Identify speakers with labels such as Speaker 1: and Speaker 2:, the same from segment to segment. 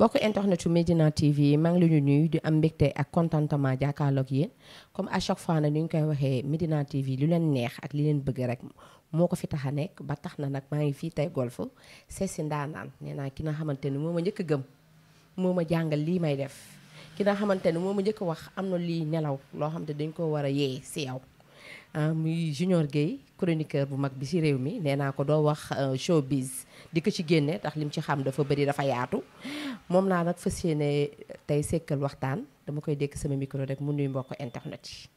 Speaker 1: mbokk internet yu Medina TV maa ngi leen di nuyu di am mbégte ak contentement jàkkaarloog yi comme à chaque fois nag ni ñu koy waxee Medina TV lu leen neex ak li leen bëgg rek moo ko fi tax a nekk ba tax na nag maa ngi fii tey golf seesi ndaanaan nee naa ki nga xamante ni moo ma njëkk gëm moo ma jàngal lii may def ki nga xamante ni moo ma njëkk a wax am na lii nelaw loo xam te dañ koo war a yee si yow Euh, muy Junior Guèye chroniqueur bu mag bi ci réew mi nee naa ko doo wax euh, showbiz di ko ci génne ndax lim ci xam dafa bëri dafa yaatu moom laa nag fas yéene tey sekkal waxtaan dama koy dekk sama micro rek mu nuy mbokk internet yi.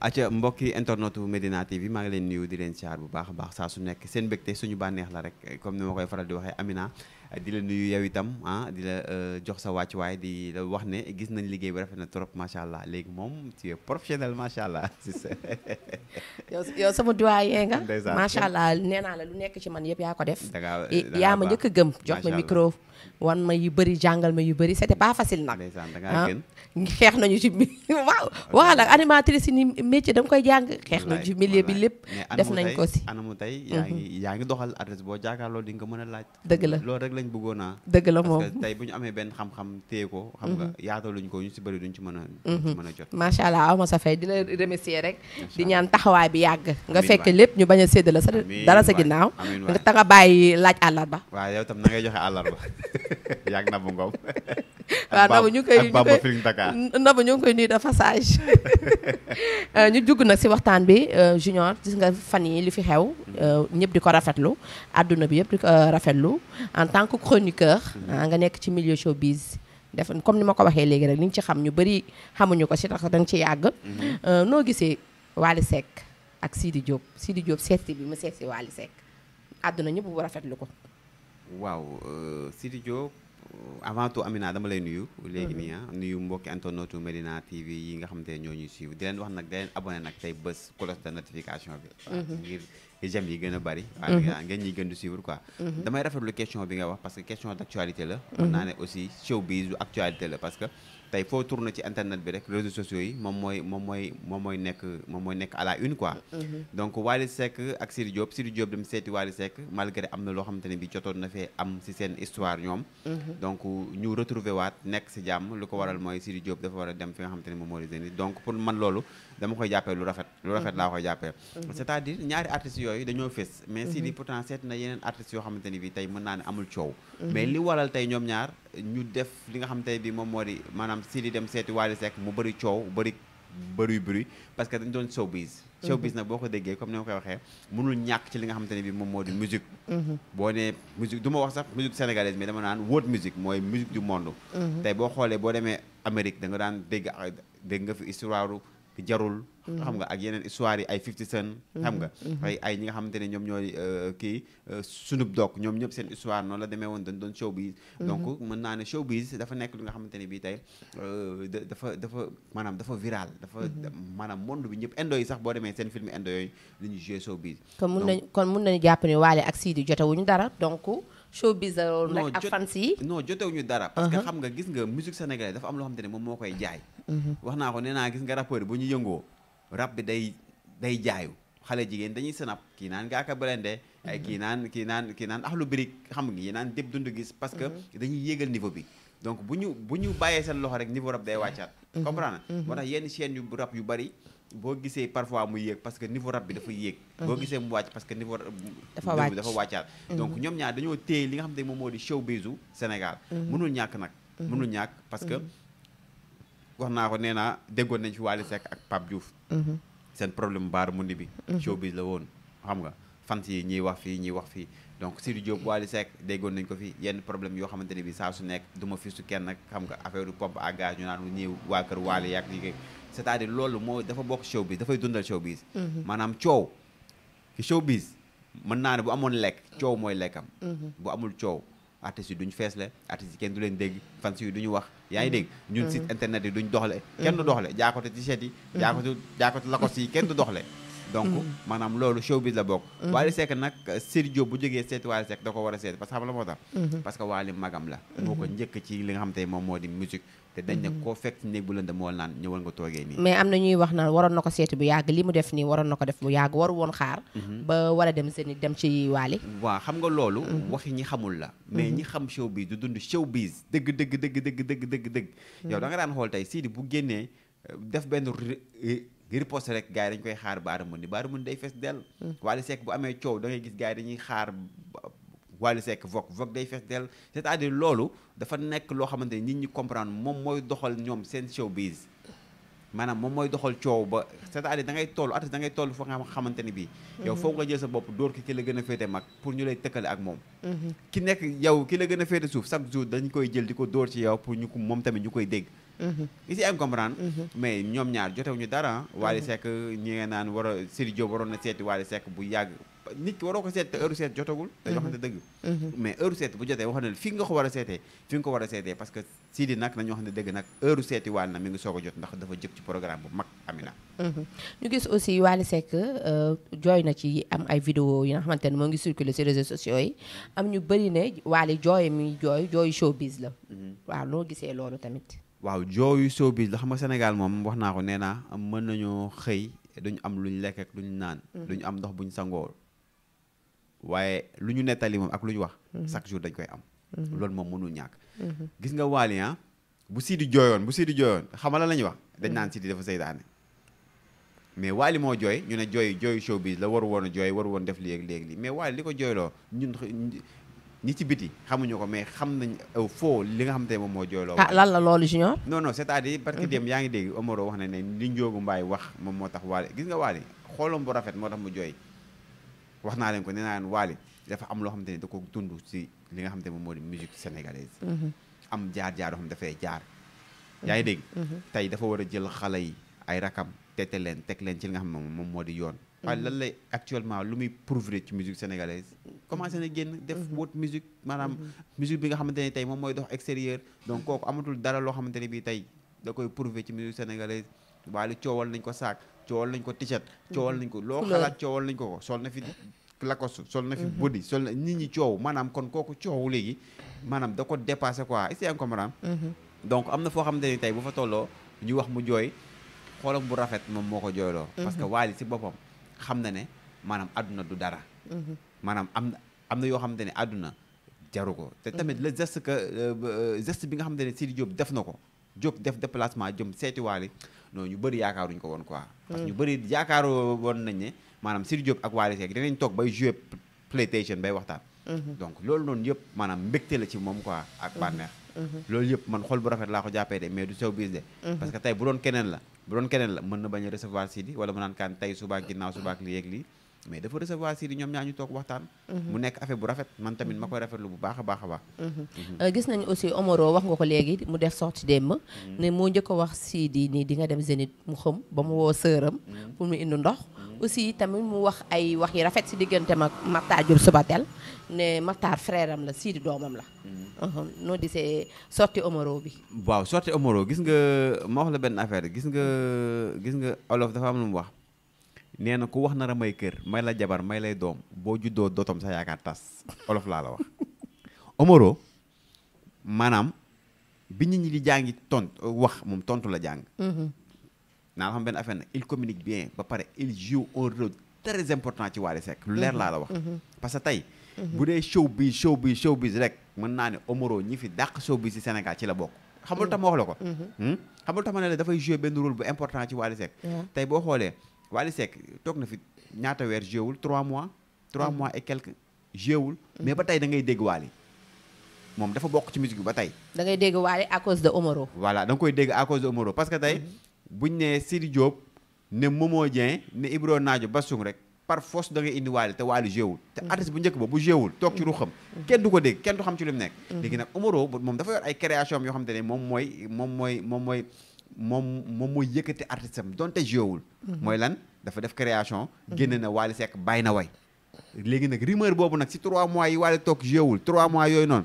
Speaker 2: acca mbokki internet bu Medina TV maa ngi leen nuyu di leen siyaar bu baax baax saa su nekk seen mbégte suñu bànneex la rek comme ni ma koy faral di waxee Amina. di la nuyu yow itam ah di la euh, jox sa wàccuwaay di la wax ne gis nañ liggéey bi rafet na trop macha allah léegi moom tu es macha allah.
Speaker 1: yow sama doyen nga. macha allah nee naa la lu nekk ci man yëpp yaa ko def. yaa ma njëkk a gëm jox ma micro. wan ma yu bëri jàngal ma yu bëri c'était pas facile nag. Ah, xeex nañu ci waaw waaw la animatrice yi ni métier da koy jàng xeex nañu ci bi lépp def nañ ko si anamu tey yaa mhm. ngi
Speaker 2: yaa ngi doxal adresse boo jàkkaarloo di nga mën a laaj dëgg la la lañ bëggoon naa dëgg la moom parce que tey bu ñu amee benn xam-xam téye xam nga mm-hmm. yaataluñ ko ñu si bëri duñ ci mën a ci mm-hmm. a jot macha
Speaker 1: allah aw ma sa fay di la remercier rek di ñaan taxawaay bi yàgg nga fekk lépp ñu bañ a séddale sa dara sa ginnaaw nga tax a bàyyi laaj àllarba
Speaker 2: waaw yow tam na ngay joxe àllarba yàgg na bu ngoom waaw nabu ñu koy
Speaker 1: nabu ñu ngi koy nuyu de passage euh, ñu jugg nag si waxtaan bi euh, junior gis nga fan yi li fi xew mm-hmm. euh, ñëpp di ko rafetlu àdduna bi yëpp di ko rafetlu en tant que chroniqueur ah, nga nekk ci milieu showbiz def comme ni ma ko waxee léegi rek ni ñu ci xam ñu bari xamuñu ko si tax danga ci yàgg mhm. euh, noo gisee Wally Seck ak Sidi Diop Sidi Diop seetsi bi mu seetsi Wally Seck àdduna ñëpp bu rafetlu ko
Speaker 2: waaw euh, Sidi Diop avant tout Amina dama lay nuyu léegi nii ah nuyu mbokki internetu Medina TV yi nga xam ne ñoo ñuy suivre di wax nag di leen abonné nag tey bés cloche de notification bi mhm. jëm yi gën a bari. Mhm. waaw ngeen ñuy gën di suivre quoi. Mhm. damay rafetlu question bi nga wax parce que question d' actualité la. Mhm. mën naa ne aussi showbiz actualité la parce que. tey foo tourné ci internet bi rek réseaux sociaux yi moom mooy moom mooy moom mooy nekk moom mooy nekk à la une quoi. Mm-hmm. donc Wally Seck ak Sidy Diop Sidy Diop dem seeti Wally Seck malgré am na loo xamante ne bi jotoon na fee am si seen histoire ñoom. Mm-hmm. donc ñu retrouver waat nekk si jàmm lu ko waral mooy Sidy Diop dafa war a dem fi nga xamante ne moom moo di Zénith donc pour man loolu dama koy jàppee lu rafet. lu rafet laa koy jàppee. Mm-hmm. c'est-à-dire ñaari artistes yooyu dañoo fës. mais Sidy pourtant na yeneen artistes yoo xamante ñu def li nga xam tey bi moom moo di maanaam si li dem seeti Wally Seck mu bëri coow bëri bëri bruit parce que dañ doon showbiz mhm. showbiz nag boo ko déggee comme ni ma koy waxee mënul ñàkk ci li nga xamante ne bi moom moo di musique mhm. boo nee musique du ma wax sax musique sénégalaise mais dama naan world music mooy musique du monde mhm. tey boo xoolee boo demee Amérique da nga daan dégg dégg nga fi histoire jarul mm-hmm. xam nga ak yeneen histoire yi ay 50 Cent mm-hmm. xam nga mm-hmm. ay ay ñi nga xamante ne ñoom ñooy euh, kii euh, Snoop Dogg ñoom ñëpp seen histoire noonu la demee woon dañ doon showbiz donc mën naa ne dafa nekk li nga xamante ne bi tey euh, dafa dafa maanaam dafa viral dafa maanaam monde bi ñëpp indo sax boo demee seen film indo yooyu li ñu joué showbiz
Speaker 1: kon mun nañ kon mun nañu jàpp ne Wally ak Sidi jotewuñu dara donc so la loolu nag ak fans yi
Speaker 2: non jotewuñu dara parce que uh-huh. xam nga gis nga musique sénégalaise dafa am loo xam ne moom moo koy jaay mm-hmm. wax naa ko nee naa gis nga rappeur bu ñu yëngoo rap bi day day jaayu xale jigéen dañuy sanap kii naan nga aka blende mm-hmm. ay kii naan kii naan kii naan axlu birik xam nga kii naan déb dund gis parce que mm-hmm. dañuy yéegal niveau bi donc bu ñu bu ñu bàyyee seen loxo rek niveau rap day wàccaat comprendre moo tax yenn chaîne yu rap yu bari boo gisee parfois mu yéeg parce que niveau rab bi dafa yéeg boo gisee mu wàcc parce que niveau dafa dafa wàccaat mm-hmm. donc ñoom ñaar dañoo téye li nga xam ne moom moo di showbiz u Sénégal mm-hmm. mënul ñàkk nag mm-hmm. mënul ñàkk parce que wax naa ko nee naa déggoon nañ fi Wally Seck ak Pape Diouf seen problème baaru mundi bi showbiz la woon xam nga fans yi ñiy wax fii ñiy wax fii donc Sidy Diop Wally Seck déggoon nañ ko fi yenn problème yoo xamante ne bi saa su nekk du ma fi su kenn nag xam nga affaire du pompe à gaz ñu naan ñëw waa kër Wally yàq yi c'est-à-dire loolu moo dafa bokk showbiz dafay dundal showbiz mhm. maanaam coow ki showbiz man naa ne bu amoon lekk coow mooy lekkam mhm. bu amul coow artistes yi duñ feesle artistes yi kenn du leen dégg fans yi duñu wax yaa ngi mhm. dégg ñun site internet yi duñ doxle kenn du doxle jaakote t-shirt yi jaakote jaakote lacoste yi kenn du doxle donc maanaam loolu showbiz la bokk Wally Seck nag Sidy Diop bu jógee seeti Wally Seck da ko war a seeti parce que xam la magam la moo ko njëkk ci li nga xam te moom moo di te dañ ne mhm. koo fekk néeg bu lëndëm wal naan ñëwal nga toogee nii mais am
Speaker 1: na ñuy wax naan waroon na ko seeti bu yàgg li mu def nii waroon na ko def bu yàgg waru woon xaar mhm. ba war a dem seen dem ci waali
Speaker 2: waaw xam nga loolu mhm. waxi ñi xamul la mais ñi xam showbiz du dund showbiz dëgg dëgg dëgg dëgg dëgg dëgg dëgg yow da nga daan xool tey Sidy bu génnee euh, def benn riposte rek gars yi dañ koy xaar baara mun ni baara mun day fees dell Wally Seck bu amee coow da ngay gis gars yi dañuy xaar Wally Seck Vogue Vogue day fees dell cest à loolu dafa nekk loo xamante ni nit ñi comprendre moom mooy doxal ñoom seen showbiz maanaam moom mooy doxal coow ba cest à da ngay toll artiste da ngay toll foo nga xamante ni bii mm-hmm. yow foog nga jël bopp dóor ki ki la gën a féete mag pour ñu lay tëkkale ak moom mm-hmm. ki nekk yow ki la gën a féete suuf chaque jour dañ koy jël di ko dóor yow pour ñu ko moom tamit ñu koy dégg mm-hmm. isi am comprendre mais ñoom ñaar jotewuñu dara Wally sekk ñi nga naan war a Sidy waroon na seeti Wally Seck bu yàgg nit ki waroo ko seet te heure seet jotagul dañoo xam ne dëgg mm-hmm. mais heure seet bu jotee wax ne fi nga ko a seetee fi nga ko a seetee parce xam ne dëgg nag heure seeti na mi ngi soog a jot ndax dafa jëkk ci programme bu mag Amina
Speaker 1: mm-hmm. ñu gis aussi Wally Seck euh, jooy na ci am ay vidéo yi nga xamante ne moo ngi circuler ci réseaux sociaux yi ñu bëri ne Wally jooy mi jooy jooy showbiz la mm-hmm. waaw noo gisee loolu tamit
Speaker 2: waaw jooyu showbiz la xam nga Sénégal moom wax naa ko nee naa mën nañoo xëy duñu am luñ lekk ak luñ naan duñu am ndox buñ sangool waaye lu ñu nettali moom ak lu ñu wax. Mhm. chaque jour dañ koy am. Mhm. loolu moom mënul ñàkk. Mhm. gis nga Wally ah bu Sidi jooyoon bu Sidi jooyoon xamala la ñuy wax dañ naan Sidi dafa seytaane mais Wally moo jooy ñu ne jooy jooyu showbiz la war woon a jooy war woon def léegi léegi lii mais Wally li ko jooyloo ñun ñi ci biti xamuñu ko mais xam nañ foo li nga xam te moom moo jooyloo ah lan la loolu junior non non c'est-à-dire que dem yaa ngi dégg Omaro wax na ne li njoogu mbaay wax moom moo tax Wally gis nga Wally bu rafet moo tax mu jooy wax naa leen ko nee naa leen Wally dafa am loo xamante ni da ko dund ci li nga xamante moom moo di musique sénégalaise mm-hmm. am jaar-jaar yoo xam dafay jaar mm-hmm. yaa ngi dégg mm-hmm. tey dafa war a jël xale yi ay rakam tete leen teg leen ci li nga xam ne moom moo di yoon waaye lan lay actuellement lu muy prouver ci musique sénégalaise commencé na génn def woot musique maanaam musique bi nga xamante ne tey moom mooy dox extérieur donc kooku amatul dara loo xamante ne bii tey da koy prouver ci musique sénégalaise waaye lu coowal nañ ko saak coowal nañ ko t-shirt coowal nañ ko loo xalaat coowal nañ ko ko sol na fi lacoste sol na fi mhm. body nit ñi coow maanaam kon kooku coow léegi maanaam da ko dépassé quoi est-ce que yaa mhm. donc am na foo ne ni tey bu fa tolloo ñu wax mu jooy xoolam bu rafet moom moo ko jooyloo mhm. parce que Wally si boppam xam na ne maanaam adduna du dara maanaam am na am na yoo xamante ne adduna jaru ko te tamit le geste que euh, euh, geste bi nga xamante ne Sidi Diop def na ko Diop def déplacement jëm seeti Wally non ñu bëri yaakaaruñ ko woon quoi parce que ñu mm. bëri yaakaaru woon nañ ne maanaam Sidy Diop ak Wally Seck dinañ toog bay jouer PlayStation bay waxtaan mm-hmm. donc loolu noonu yëpp maanaam mbégte la ci moom quoi ak mm-hmm. bànneex mm-hmm. loolu yëpp man xol bu rafet laa ko jàppee de mais du sew biis de parce que tey bu doon keneen la bu doon keneen la mën na bañ a recevoir Sidy wala mu naan kaan tey subaak ginnaaw subaak li yeeg lii mais dafa recevoir Sidi ñoom ñaa ñu toog waxtaan. Mhm. mu nekk affaire bu rafet man tamit ma mhm. koy rafetlu bu baax a baax a
Speaker 1: mhm. Euh, gis nañu aussi omoro wax nga ko léegi mu def sorti démb. ne moo njëkk a wax Sidi nii di nga dem Zénith mu xam ba mu woo sëram. pour mu indi ndox. aussi tamit mu wax ay wax yi rafet si diggante mag Makhtar Diop Soubatel ne Makhtar frère am la Sidi doomam la. Uh-huh. noo gisee sorti Omaro bi. waaw
Speaker 2: sorti omoro gis nga ma wax la benn affaire gis nga gis nga olof dafa lu mu wax. nee na ku wax nar a may kër may la jabar may lay doom boo juddoo dootom sa yaakaar tas olof laa la wax Omaro maanaam bi nit ñi di jàngi tont wax moom tontu la jàng mm-hmm. naa la xam benn affaire nag il communique bien ba pare il joue un rôle très important ci Wally Seck lu leer mm-hmm. laa la wax mm-hmm. parce que tey bu dee showbiz showbiz showbiz rek mën naa ne Omaro ñi fi dàq showbiz ci Sénégal ci la bokk xamul tax ma wax la ko hmm? xamul tax ne la dafay jouer benn rôle bu important ci Wally Wally Seck toog na fi ñaata weer jéewul 3 mois. 3 mm-hmm. mois et quelques jéewul. Mm-hmm. mais ba tey da ngay dégg Wally moom dafa bokk ci musique ba tey.
Speaker 1: da ngay dégg Wally à cause de da
Speaker 2: nga koy dégg à cause de parce que tey mm-hmm. buñ ne Sidi Diop ne Momo Dieng ne Ibro Naajo Basung rek par force da ngay indi Wally te Wally jéewul. te artiste bu njëkk ba bu jéewul toog ci ruxam. kenn du ko dégg kenn du xam ci li mu nekk. léegi nag Omaro moom dafa yor ay création yoo xam te ne moom mooy moom mooy moom mooy. moom moom mooy yëkkati artiste am donte jéewul. Mhm. mooy lan dafa def création. Mhm. génne na Wally Seck bàyyi na way. léegi nag rumeur boobu nag si 3 mois yi Wally toog jéewul 3 mois yooyu noonu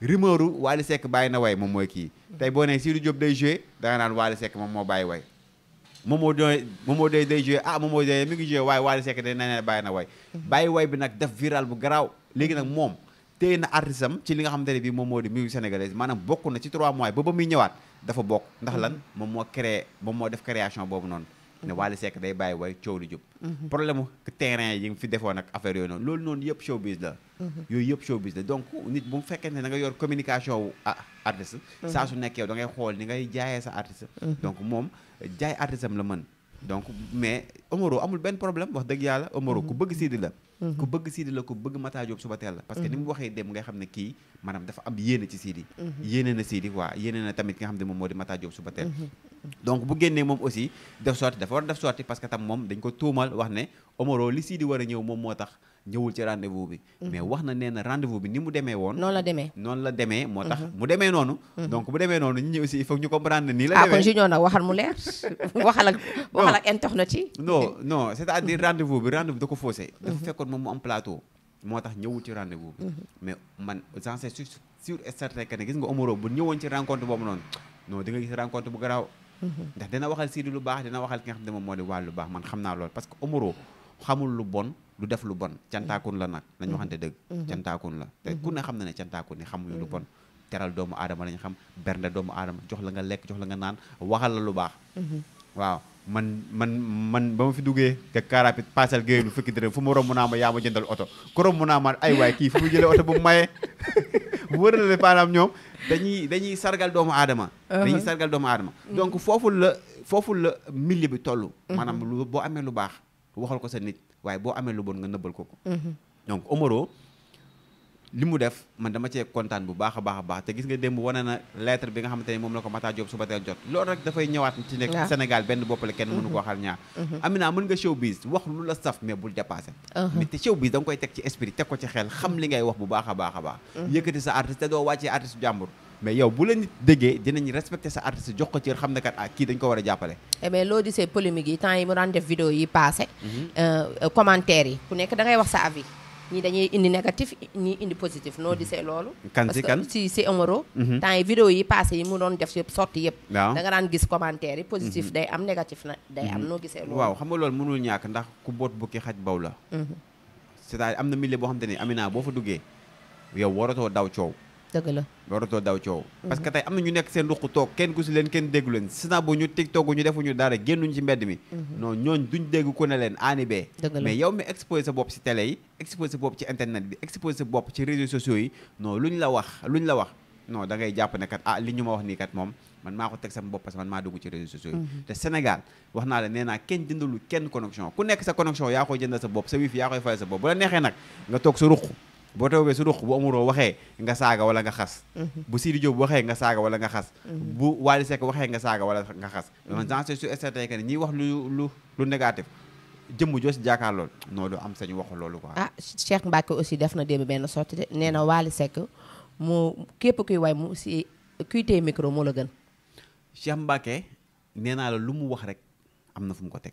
Speaker 2: rumeuru Wally Seck bàyyi na way moom mooy kii. tey boo nee Sidy Diop day joué danga naan Wally Seck moom moo bàyyi way. Momo moo Momo doy day joué ah Momo doy mi ngi joué waaye Wally Seck day nee na bàyyi na way. Mhm. bàyyi way bi nag def viral bu garaaw léegi nag moom téye na artiste am ci li nga xamante ne bii moom moo di musique sénégalaise maanaam bokk na ci 3 mois ba ba muy ñëwaat. dafa bokk ndax mm-hmm. lan moom moo créé moom moo def création boobu noonu mm-hmm. ne Wally Seck day bàyyi way coow lu jub mm-hmm. problème terrain yi nga fi defoon ak affaire yooyu noonu loolu noonu yëpp showbiz la yooyu yëpp showbiz la donc nit bu mu fekkee ne da nga yor communication wu artiste saa su nekk yow da ngay xool ni ngay jaayee sa artiste donc moom jaay artiste am la mën donc mais Omaro amul benn problème wax dëgg yàlla Omaro ku bëgg Sidy la Mm-hmm. ku bëgg Sidi la ku bëgg Mataa suba teel la parce que ni mu mm-hmm. waxee dem ngay xam ne kii maanaam dafa am yéene ci Sidi mm-hmm. yéene na Sidi waa yéene na tamit nga xam ne moom moo di Mataa suba teel donc bu génnee moom aussi def sorti dafa war def sorti parce que tam moom dañ ko tuumal wax ne Omaro li Sidi war a ñëw moom moo tax ñëwul ci rendez-vous bi mhm. mais wax na nee na rendez bi ni mu demee woon noonu la demee noonu la demee moo tax mhm. mu demee noonu mhm. donc demee noonu ñi ñu comprendre ne nii la demee ah kon junior
Speaker 1: nag waxal mu leer waxal ak waxal ak internet yi non non c'est-à-dire
Speaker 2: rendez-vous bi da ko faussé dafa fekkoon moom mu am plateau moo tax ñëwul ci rendez-vous bi mais man j'en sais sûr sûr et certain que ne gis nga Omaro bu ñëwoon ci rencontre boobu noonu non di gis rencontre bu garaaw ndax dina waxal Sidi lu baax dina waxal ki nga xam moo di lu baax man xam naa loolu parce que Omaro xamul lu bon lu def lu bon cantaakun la nag nañ waxante dëgg mm-hmm. Mm-hmm. cantaakun la te ku ne xam na ne cantaakun ni xamuñu lu bon teral doomu aadama lañ xam bernde doomu aadama jox la nga lekk jox la nga naan waxal la lu baax mm-hmm. waaw man man man ba fi duggee te kaarapit paasal géej lu fukki dërëm fu mu romb naa ma yaa ma jëndal oto ku romb ma ay waay kii fu mu jëlee oto bu mu mayee wër na ne maanaam dañuy dañuy sargal doomu aadama uh-huh. dañuy sargal doomu aadama donc foofu la foofu la milieu bi toll maanaam lu boo amee lu baax waxal ko sa nit waaye boo amee lu bon nga nëbbal ko ko mhm. donc Omaro li mu def man dama cee kontaan bu baax a baax a baax te gis nga démb wane na lettre bi nga xamante ni moom la ko Matar Diop suba teel jot lool rek dafay ñëwaat ci nekk Sénégal benn bopp la kenn mënu ko waxal mhm. ñaar mhm. Amina mën nga showbiz wax lu la saf mais bul dépassé uh-huh. mais te showbiz da nga koy teg ci esprit teg ko ci xel xam li ngay wax bu baax baax a baax uh-huh. yëkkati sa artiste te doo wàccee artiste jàmbur mais yow bu la nit déggee dinañ respecté sa artiste jox ko cër xam ne kat ah kii dañ ko war a jàppale
Speaker 1: eh bien loo gisee polémique yi temps yi mu daan def vidéo yi passé mhm. euh, commentaire yi ku nekk da ngay wax sa avis ñii dañuy indi négatif ñii indi positif noo mhm. gisee loolu kan si kan si si Omaro mhm. temps yi vidéo yi mu doon def yëpp sotti yëpp da nga daan gis commentaire yi positif day am négatif na day am noo gisee loolu waaw
Speaker 2: xam nga mënul ñàkk ndax ku boot bukki xaj baw la cest am na milieu boo xam te ne Amina boo fa duggee yow waratoo daw coow dëgg la waratoo daw coow mhm. parce que tey am na ñu nekk seen ruq toog kenn gisu leen kenn déggu leen sina bu ñu tiktok ñu defuñu dara génnuñ ci mbedd mi mhm. non ñooñ duñ dégg ku ne leen aani bee mais yow mi exposé sa bopp ci télé yi exposé sa bopp ci internet bi exposé sa bopp ci réseaux sociaux yi non luñ la wax lu ñu la wax non da ngay jàpp ne kat ah li ñu ma wax nii kat moom man maa ko teg sama bopp parce que man maa dugg ci réseaux sociaux mhm. naa la nee naa kenn jëndalu kenn connexion ku nekk sa connexion yaa koy jëndal sa bopp sa wifi yaa koy fay sa boo toogee su ruq bu amuroo waxee nga saaga wala nga xas mhm. bu Sidi bu waxee nga saaga wala nga xas mhm. bu Wally Seck waxee nga saaga wala nga xas mhm. donc j'en suis sûr et certain que ne ñiy wax lu lu lu négatif jëmm joo si jaakaar lool non am sañu waxu loolu quoi ah
Speaker 1: Cheikh Mbacke aussi def na démb benn sortie nee na Wally Seck moo képp kuy way mu si kuy téye micro moo la gën
Speaker 2: Cheikh Mbacke nee naa la lu mu wax rek am na fu mu ko teg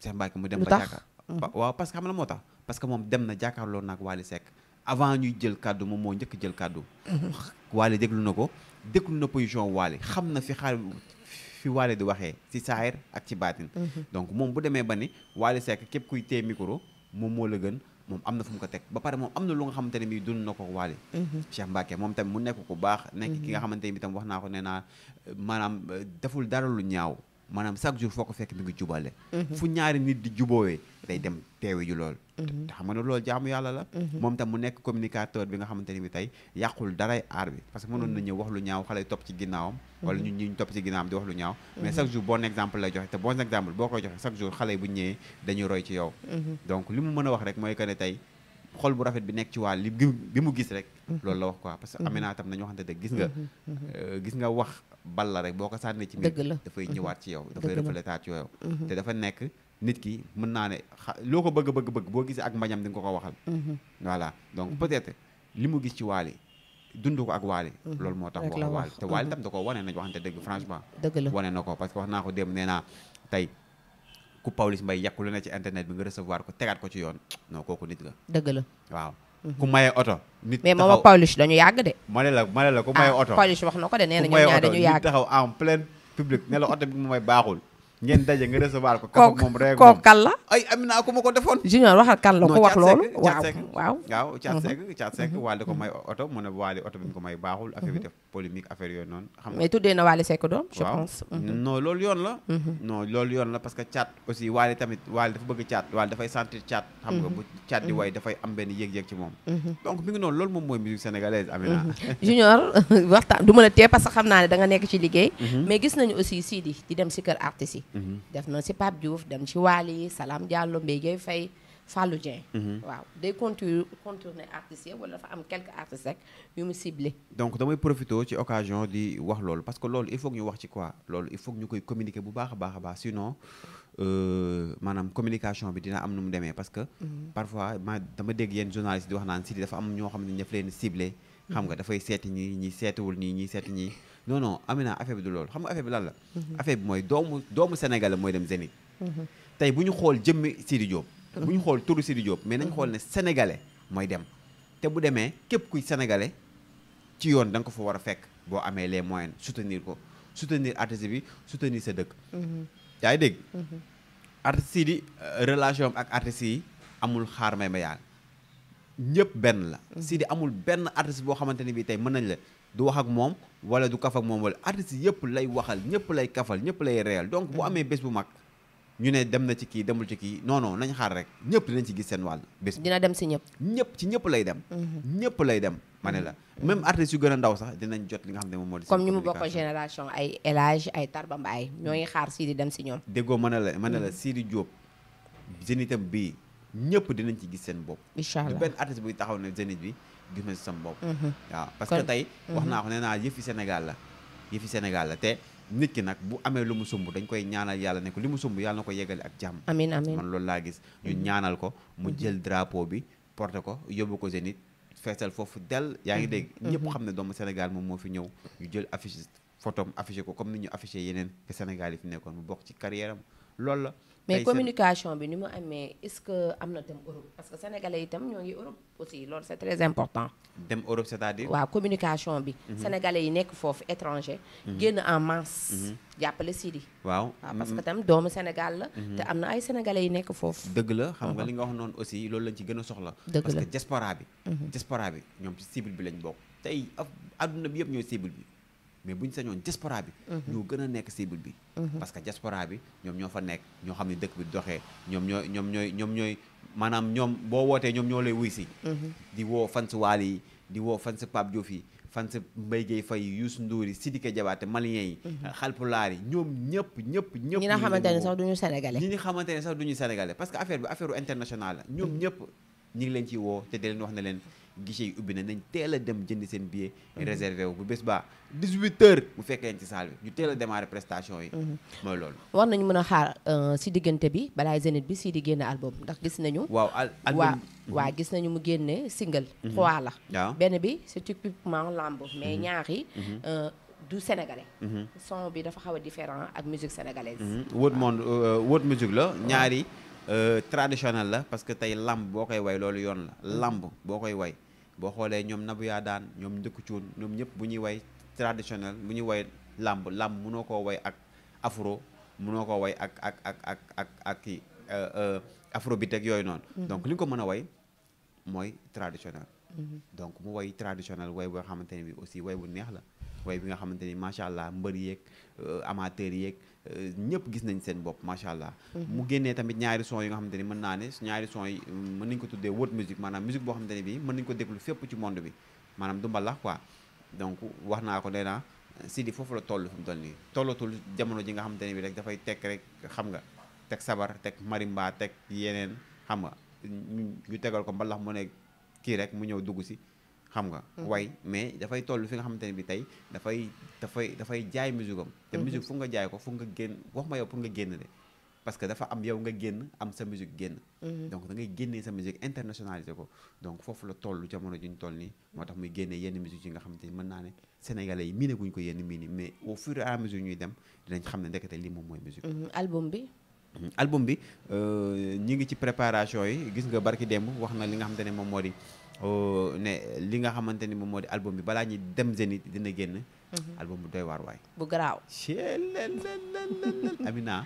Speaker 2: Cheikh Mbacke mu dem ba jaakaar Mm-hmm. waaw parce que xam na moo tax parce que moom dem na jàkkaarloo nag Wally Seck avant ñuy jël kàddu moom moo jëkk jël kàddu mm-hmm. Wally déglu na ko déglu na position Wally xam na fi xaal fi Wally di waxee ci saahir ak ci baatin mm-hmm. donc moom bu demee ba ni Wally Seck képp kuy téye micro moom moo la gën moom am na fu mu ko teg ba pare moom am na lu nga xamante ne bii dund na ko Wally Cheikh Mbacké moom tamit mu nekk ko baax nekk ki nga xamante ne bi tam wax naa ko nee naa maanaam deful dara lu ñaaw maanaam chaque jour foo ko fekk mi ngi jubale fu ñaari nit di juboowee day dem teewi ju lool mm-hmm. te xam nga ne loolu jaamu yàlla la mm-hmm. moom tam mu nekk communicateur bi nga xamante ni bi tey yàqul daray aar bi parce que mënoon mm-hmm. na ñëw wax lu ñaaw xale topp ci ginnaawam wala ñun ñu topp ci ginnaawam di wax lu ñaaw mais chaque jour bon exemple lay joxe te bon exemple boo koy joxe chaque jour xale bu ñëwee dañuy roy ci yow donc li mu mën a wax rek mooy que ne tey xol bu rafet bi nekk ci waa li bi mu gis rek loolu la wax quoi parce que Amina tam nga gis nga euh, la boo ko sànnee ci mbir dafay ñëwaat ci yow dafay reflétaat ci nit ki mën naa ne xa loo ko bëgg bëgg bëgg boo gisee ak mbañam di nga ko ko waxal. Mhm. voilà donc mhm. peut-être li mu gis ci waali dund ko ak waali mhm. loolu moo tax wax waali te waali tam da ko wane nañ waxante dëgg franchement. dëgg la wane na ko parce que wax naa ko démb nee naa tey. ku Pawlish Mbaye yàqu ne ci internet bi nga recevoir ko tegaat ko ci yoon non kooku nit la. dëgg waaw. ku maye oto. nit taxaw mais yàgg de. ma ne la ma ne la ku maye ah, oto ah Pawlish wax na ko de nee na dañu yàgg en plein public ne la oto mu may baaxul. ngeen daje nga recevoir ko. kooku moom rek moom kooku kan la. ay Amina ku ma ko defoon. junior waxal kan la ko wax loolu. waaw waaw waaw caat sekk caat sekk waali ko mhm. may oto mu ne waali oto bi mu ko may baaxul. affaire bi mhm. def polémique affaire yooyu noonu. xam nga mais na waali sekk doom. je pense mhm. non loolu yoon la. non loolu yoon la parce que caat aussi waali tamit waali dafa bëgg caat waali dafay sentir caat. xam nga bu caat di way dafay am benn yéeg-yéeg ci moom. donc mi ngi noonu loolu
Speaker 1: da nga nekk ci liggéey. def na si Pape Diouf dem ci waal Salam Diallo Mbaye Gueye Faye Fallou Dieng. Mhm. waaw day contour contourner artistes yi wala dafa am quelques artistes rek yu mu ciblé.
Speaker 2: donc damay profité ci occasion di wax loolu parce que loolu il faut ñu wax ci quoi loolu il faut ñu koy communiquer bu baax a baax a baax sinon euh, maanaam communication bi dina am nu mu demee parce que. Mhm. parfois ma dama dégg yenn journaliste di wax naan si dafa am ñoo xam ne daf leen ciblé. xam nga dafay seeti ñi ñii seetiwul nii ñii seeti ñii noonu non Amina affaire bi du loolu xam nga affaire bi lan la mhm. affaire bi mooy doomu doomu sénégalais mooy dem Zénith mhm. tey bu ñu xool jëmmi Sidi Diop mhm. xool turu Sidi mais nañ xool ne sénégalais mooy dem te bu demee képp kuy sénégalais ci yoon da nga ko fa war a fekk boo amee les moyens soutenir ko soutenir artiste bi soutenir sa dëkk yaa ngi dégg artiste euh, relation ak artiste yi amul xaar may ma yàlla ñëpp benn la mhm. Sidy amul benn artiste boo xamante ni bi tey mën nañ la du wax ak moom wala du kaf ak moom wala artiste yëpp lay waxal ñëpp lay kafal ñëpp lay reyal donc bu mhm. amee bés bu mag ñu ne dem na ci kii demul ci kii non non nañ xaar rek ñëpp dinañ ci gis seen wàll bés dina dem si ñëpp ñëpp ci ñëpp lay dem mhm. ñëpp lay dem ma ne la même artistes yu gën a ndaw sax dinañ jot li nga xam ne moom moo di comme ñu mu bokk
Speaker 1: génération ay El Hadj ay Tarba ay ñoo ngi xaar Sidy dem si ñoom
Speaker 2: déggoo ma ne la ma ne la Sidy Diop génitam bii ñëpp dinañ ci gis seen bopp. incha allah du benn artiste buy taxaw ne Zénith bi gis na si bopp. Mhm. waaw parce que tey. Mhm. wax naa ko nee naa yëfi Sénégal la yëfi Sénégal la te. nit ki nag bu amee lu mu sumb dañ koy ñaanal yàlla ne li mu sumb yàlla na ko yeggale ak jàmm amiin amiin man loolu laa gis ñu mhm. ñaanal ko mu jël drapeau bi porte ko yóbbu ko Zénith feesal foofu del yaa ngi dégg ñëpp xam ne doomu Sénégal moom moo fi ñëw ñu jël affiche photom affiché ko comme ni ñu affiché yeneen Sénégal yi fi nekkoon mu bokk ci carrière am loolu la mais communication
Speaker 1: bi ni mu amee est-ce que am na tam Europe parce que sénégalais itam ñoo ngi Europe aussi loolu c'est très important. dem Europe cest à waaw communication bi. Mhm. sénégalais yi nekk foofu étranger. Mhm. génn en masse. Mhm. jàppale Sidi. waaw
Speaker 2: waaw parce que tam doomu
Speaker 1: Sénégal la. te am na ay sénégalais yi nekk foofu.
Speaker 2: dëgg la xam nga li nga wax noonu aussi loolu lañ ci gën a soxla. dëgg la parce bi. diaspora bi ñoom ci cible bi lañ bokk. tey af bi yëpp ñooy cible bi. mais bu ñu sañoon diaspora bi mhm. ñoo gën a nekk cible bi mhm. parce que diaspora bi ñoom ñoo fa nekk ñoo xam ne dëkk bi doxee ñoom ñooy ñoom ñooy ñoom ñooy maanaam ñoom boo wootee ñoom ñoo lay wuy si mhm. di woo fans Wally yi di woo fans Pape Diouf yi fans Mbaye Gueye Faye Youssou Ndour yi Sidiki Diabaté malien yi xalpulaar ñoom ñëpp ñëpp ñëpp ñi nga xamante ne sax
Speaker 1: duñu sénégalais
Speaker 2: ñi nga xamante ne sax duñu sénégalais parce que affaire bi affaire internationale la ñoom ñëpp ñi ngi leen ciy woo te di leen wax guichet yi ubbi na nañ teel a dem jënd seen billet mhm. réservé wu bu bés baa 18 heures bu fekkee leen ci salle bi ñu teel a démarrer prestation yi mhm. mooy loolu
Speaker 1: war nañ mën a xaar euh, si diggante bi balaay Zénith bi si di génne album ndax gis nañu
Speaker 2: waaw album waaw mhm.
Speaker 1: gis nañu mu génne single trois la waaw benn bi c'est typiquement lamb mais ñaari euh, du sénégalais. son bi dafa xaw a différent ak musique sénégalaise.
Speaker 2: wóot monde euh, wóot musique la ñaari. Euh, traditionnel la parce que tey lamb boo koy way loolu yoon la mm-hmm. lamb boo koy way boo xoolee ñoom Nabou yaa daan ñoom Ndëkku Cuun ñoom ñëpp bu ñuy way traditionnel bu ñuy way lamb lamb mënoo koo way ak afro mënoo koo way ak ak ak ak ak ak kii afro bi teg yooyu noonu mm-hmm. donc li nga ko mën a way mooy traditionnel mm-hmm. donc mu way traditionnel way boo xamante ne bi aussi way bu neex la way bi nga xamante ni macha allah mbër yeeg euh, amateur yeeg Euh, ñëpp gis nañ seen bopp macha allah. Mhm. mu génnee tamit ñaari son yi nga xamante ni mën naa ne ñaari son yi euh, mën nañ ko tuddee world music maanaam musique boo xamante ne bii mën nañ ko déglu fépp ci monde bi maanaam du mbalax ko donc wax naa ko nee naa Sidi foofu la toll fi mu toll nii tollatul jamono ji nga xamante ne bii rek dafay teg rek xam nga teg sabar teg marimbaa teg yeneen xam nga ñu tegal ko mbalax mu ne kii rek mu ñëw dugg si. xam nga mm-hmm. way mais dafay toll fi nga xamante ne bi tey dafay dafay dafay jaay musique am te mm-hmm. musique fu nga jaay ko fu nga génn wax ma yow pour nga génn de parce que dafa am yow nga génn am sa musique génn mm-hmm. donc da ngay génnee sa musique internationalisé ko donc foofu la toll jamono juñ toll nii moo tax muy génnee yenn musique yi nga xamante ni mën naa ne sénégalais yi miinaguñ ko yenn miin yi mais au fur et à mesure ñuy dem dinañ xam ne ndekete lii moom mooy musique album bi album bi euh, ñi ngi ci préparation yi gis nga barki démb wax na li nga xamante ne moom moo di Euh, ne li nga xamante ni moom moo di album bi balaa ñuy dem Zénith dina génn. Mhm. album bu doy waar waay.
Speaker 1: bu garaaw.
Speaker 2: Amina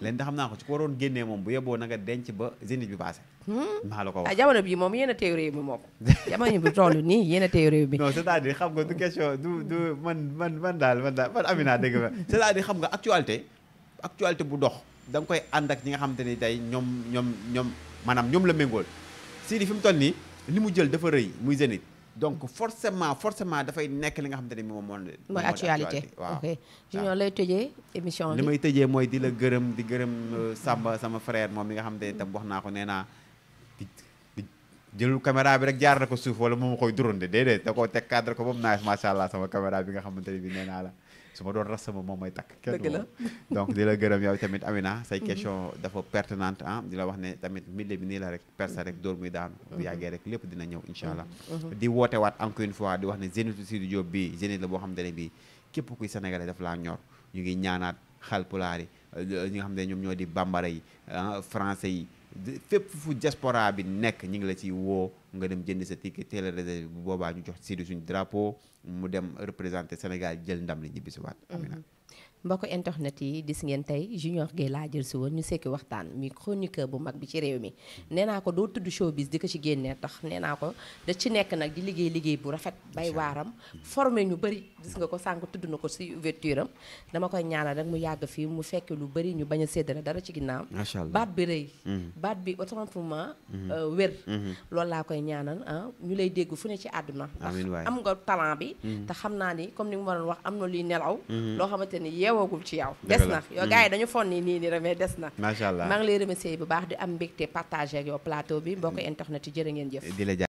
Speaker 2: leen da xam naa ko ci ko waroon génnee moom bu yeboo na nga denc ba Zénith bi paase. Hmm? maa la ko wax ah,
Speaker 1: jamono bii moom yéen a teew réew mi moom. jamono bi toll nii yéen a teew réew
Speaker 2: bi non cest à xam nga du question du man man man daal man daal man Amina dégg nga c'est-à-dire xam nga actualité actualité bu dox danga koy ànd ak ñi nga xamante ni tey ñoom ñoom ñoom maanaam ñoom la méngool Sidi mu toll nii. li mu jël dafa rëy muy Zénith donc forcément forcement dafay nekk li nga xamante ne moom moo mooy actualité waaw ok
Speaker 1: Junior lay tëjee émission bi li may
Speaker 2: tëjee mooy di la gërëm di gërëm euh, Samba sama frère moom mi nga xamante ne tam wax naa ko nee naa jëlul caméra bi rek jaar na ko suuf wala moom ma koy durunde déedéet da koo teg cadre ko moom naaj macha allah sama caméra nga xamante ne bi nee naa la su ma doon rassama moom mooy takk kenn dëgg la donc di la gërëm yow tamit Amina mhm. say question dafa pertinente ah di la wax ne tamit milieu bi nii la rek persa rek door muy daanu bu mhm. yàggee rek lépp dina ñëw incha allah mhm. di woote waat encore une fois di wax ne Zénith Sidy Diop bii Zénith la boo xam ne bii képp kuy sénégalais daf laa ñor ñu ngi ñaanaat xalpulaar yi euh, ñi nga xam ne ñoom ñoo di bambara yi ah, français yi fépp fu diaspora bi nekk ñu ngi la ci woo nga dem jënd sa ticket teel a bu boobaa ñu jox Sidy suñu drapeau mu dem représenter Sénégal jël ndam li ñibbi si waat
Speaker 1: mhm. Amina mbokk internet yi dis ngeen tey Junior Gueye laa jël si woon ñu sekki waxtaan mi chroniqueur bu mag bi ci réew mi mhm. nee naa ko doo tudd showbiz di ko ci génnee tax nee naa ko da ci nekk nag di liggéey liggéey bu rafet bay waaram mhm. formé ñu bëri gis nga ko sànq tudd na ko si ouverture dama koy ñaanal rek mu yàgg fii mu fekk lu bëri ñu bañ a séddale dara ci ginnaaw baat bi rëy baat bi automatiquement euh, wér loolu laa koy ñaanal ah ñu lay dégg fu ne ci àdduna am nga talent bi yi mm-hmm. te xam naa ni comme ni nga ma doon wax am na luy nelaw mm-hmm. loo xamante ni yeewoogul ci yow des na yow mm-hmm. gars yi dañu fon ni nii ni remee des na macha allah maa ngi lay remercier bu baax di am mbégte partager ak yow plateau bi mbokk internet yi jërë ngeen jëf